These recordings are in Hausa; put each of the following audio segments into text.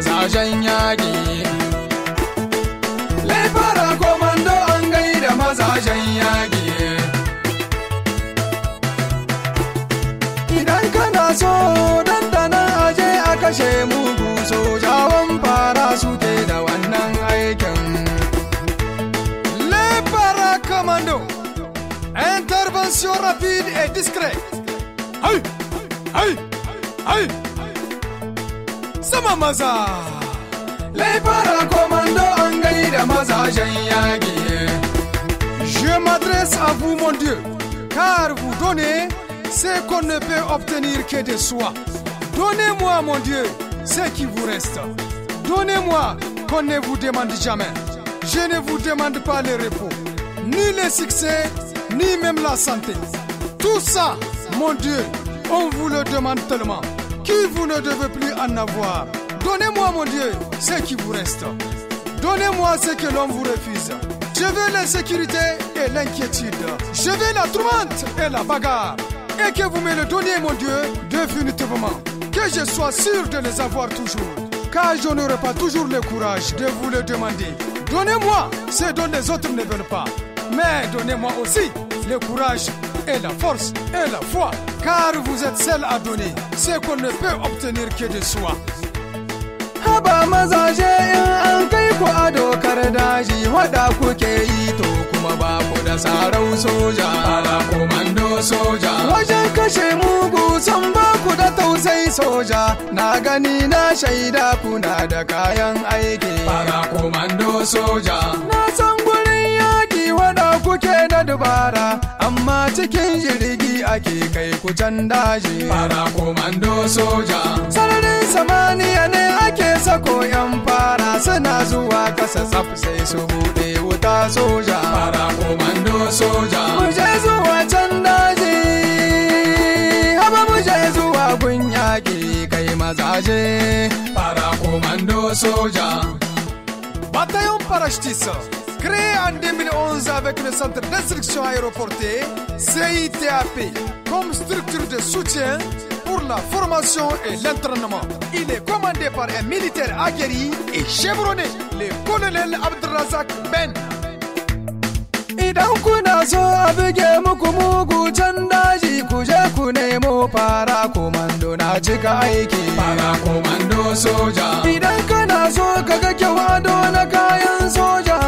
mazajen yaƙi laifara komando an gai da mazajen yaƙi idan kana so dandana aje a kashe mugu sojawan fara suke da wannan aikin laifara komando intervention rapide et discrète hey hey hey hey sama maza je m'adresse à vous mon dieu car vous donnez ce qu'on ne peut obtenir que de soi donnez-moi mon dieu ce qui vous reste donnez-moi qu'on ne vous demande jamais je ne vous demande pas les repos ni le succès ni même la santé tout ça mon dieu on vous le demande tellement qui vous ne devez plus en avoir. Donnez-moi, mon Dieu, ce qui vous reste. Donnez-moi ce que l'homme vous refuse. Je veux l'insécurité et l'inquiétude. Je veux la tourmente et la bagarre. Et que vous me le donniez, mon Dieu, définitivement. Que je sois sûr de les avoir toujours. Car je n'aurai pas toujours le courage de vous le demander. Donnez-moi ce dont les autres ne veulent pas. Mais donnez-moi aussi le courage et la force et la foi car vous êtes seul à donner ce qu'on ne peut obtenir que de soi. Haba mazaje in an kai ku a dokar daji wada kuke yi to kuma ba ku da sarau soja ala komando soja wajen kashe mugu san ba ku da tausayi soja na gani na shaida kuna da kayan aiki ala komando soja dubara amma cikin jirgi ake kai kucan daji fara komando soja sararin samaniya ne ake sako yan fara suna zuwa kasa tsaf sai su bude wuta soja fara komando soja muje zuwa can daji haba muje zuwa kun yaki kai mazaje fara komando soja Bataillon parachutiste, créé en 2011 avec le centre d'instruction aéroportée CITAP comme structure de soutien pour la formation et l'entraînement. Il est commandé par un militaire aguerri et chevronné, le colonel Abdelazak Ben. so a buge muku mugu can daji ku je ku nemo fara komando na cika aiki fara komando soja idan kana so ka ga kyawado na kayan soja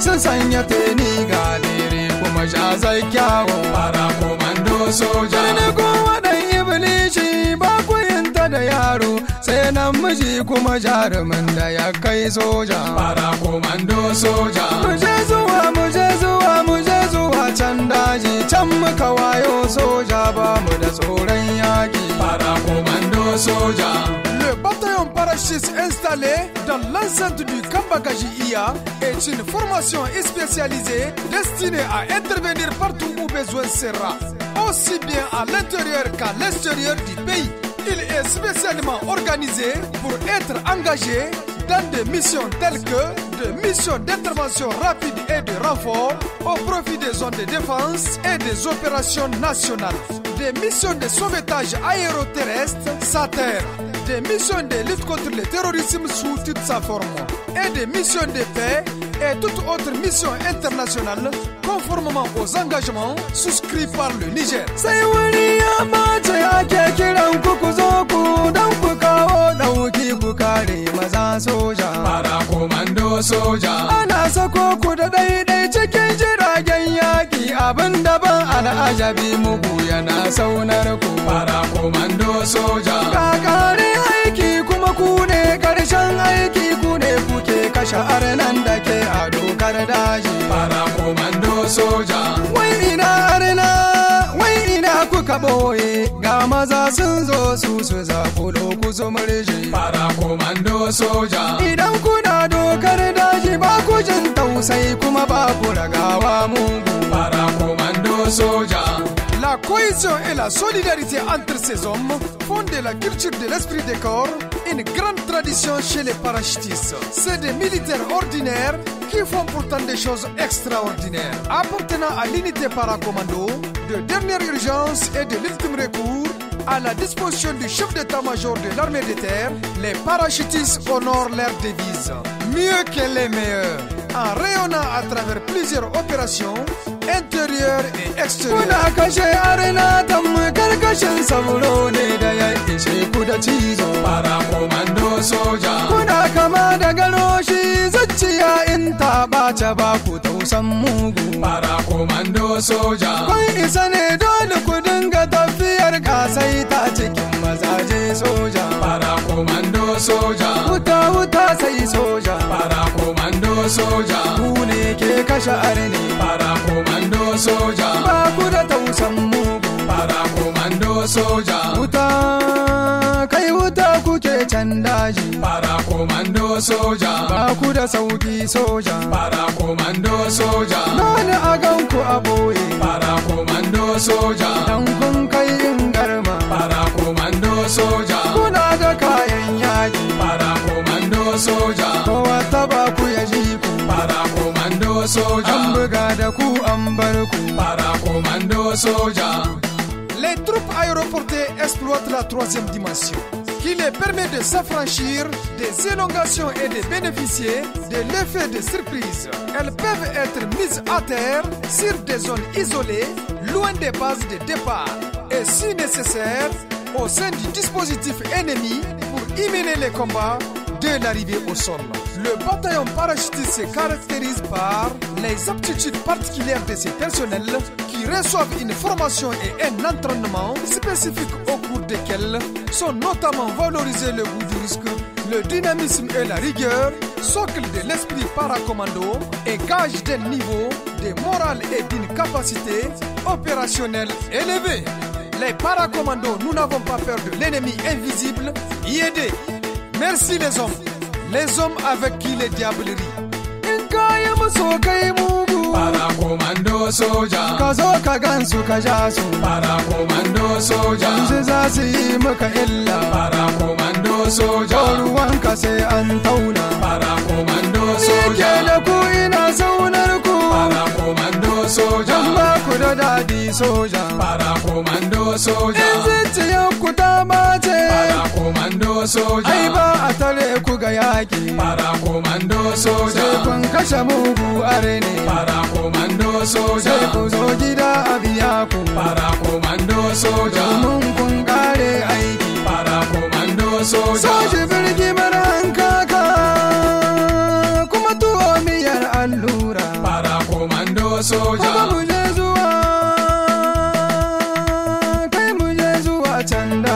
sun sanya teni ga kuma sha zai kyawo fara komando soja Le bataillon parachute installé dans l'enceinte du Kambakaji IA est une formation spécialisée destinée à intervenir partout où besoin sera, aussi bien à l'intérieur qu'à l'extérieur du pays il est spécialement organisé pour être engagé dans des missions telles que des missions d'intervention rapide et de renfort au profit des zones de défense et des opérations nationales, des missions de sauvetage aéroterrestre, terre, des missions de lutte contre le terrorisme sous toute sa forme et des missions de paix et toute autre mission internationale conformément aux engagements souscrits par le Niger. ajabi mugu yana saunar ku fara komando soja kakare aiki kuma ku ne karshen aiki ku ne kuke kashe arnan da ke a dokar daji fara komando soja wai ina arna wai ina kuka boye ga maza sun zo su su zakulo ku zumurje fara komando soja idan kuna dokar daji ba ku jin tausai kuma ba ku ragawa mugu fara komando La cohésion et la solidarité entre ces hommes font de la culture de l'esprit des corps une grande tradition chez les parachutistes. C'est des militaires ordinaires qui font pourtant des choses extraordinaires. Appartenant à l'unité paracommando, de dernière urgence et de l'ultime recours, à la disposition du chef d'état-major de l'armée de terre, les parachutistes honorent leur devise. Mieux que les meilleurs, en rayonnant à travers plusieurs opérations interior e exterior kuna kashe arina dan mu karkashin sauro ne da ya ishe ku da cizo para komando soja kuna kama da gano shi zacciya in ta bace ba ku tausan mugu para komando soja kun isa ne dole ku dinga tafiyar kasai ta cikin mazaje soja para komando soja wuta wuta sai so. soja ku ne ke kashe arni para komando soja ba ku da tausan mugu fara komando soja wuta kai wuta kuke can daji fara komando soja ba da sauki soja fara komando soja dole a ganku a boye fara komando soja dan kai in garma fara komando soja kuna da kayan yaji fara komando soja kowa taba ku les troupes aéroportées exploitent la troisième dimension qui les permet de s'affranchir des élongations et de bénéficier de l'effet de surprise. Elles peuvent être mises à terre sur des zones isolées, loin des bases de départ, et si nécessaire, au sein du dispositif ennemi pour imiter les combats de l'arrivée au sol. Le bataillon parachutiste se caractérise par les aptitudes particulières de ses personnels qui reçoivent une formation et un entraînement spécifiques au cours desquels sont notamment valorisés le goût du risque, le dynamisme et la rigueur, socle de l'esprit paracommando et gage d'un niveau de morale et d'une capacité opérationnelle élevée. Les paracommandos, nous n'avons pas peur de l'ennemi invisible, y aider. Merci les hommes. les hommes avec qui les diableries in kayi musu para komando soja ka zo ka gansu ka ja su para komando soja yanzu za su yi maka illa para komando soja ruwan ka sai an tauna para komando soja ni da ku ina saunar ku para komando soja dan ba ku da dadi soja para komando soja in zuciyar ku ta mace komando soja ai ba a tare ku ga yaƙi Para komando soja sai kun kashe mugu are ne Para komando soja sai ku zo gida a biya ku Para komando soja mun kun kare aiki Para komando soja soje birgi mara hankaka kuma tuwo miyar allura Para komando soja kuma mu je zuwa kai mu je zuwa can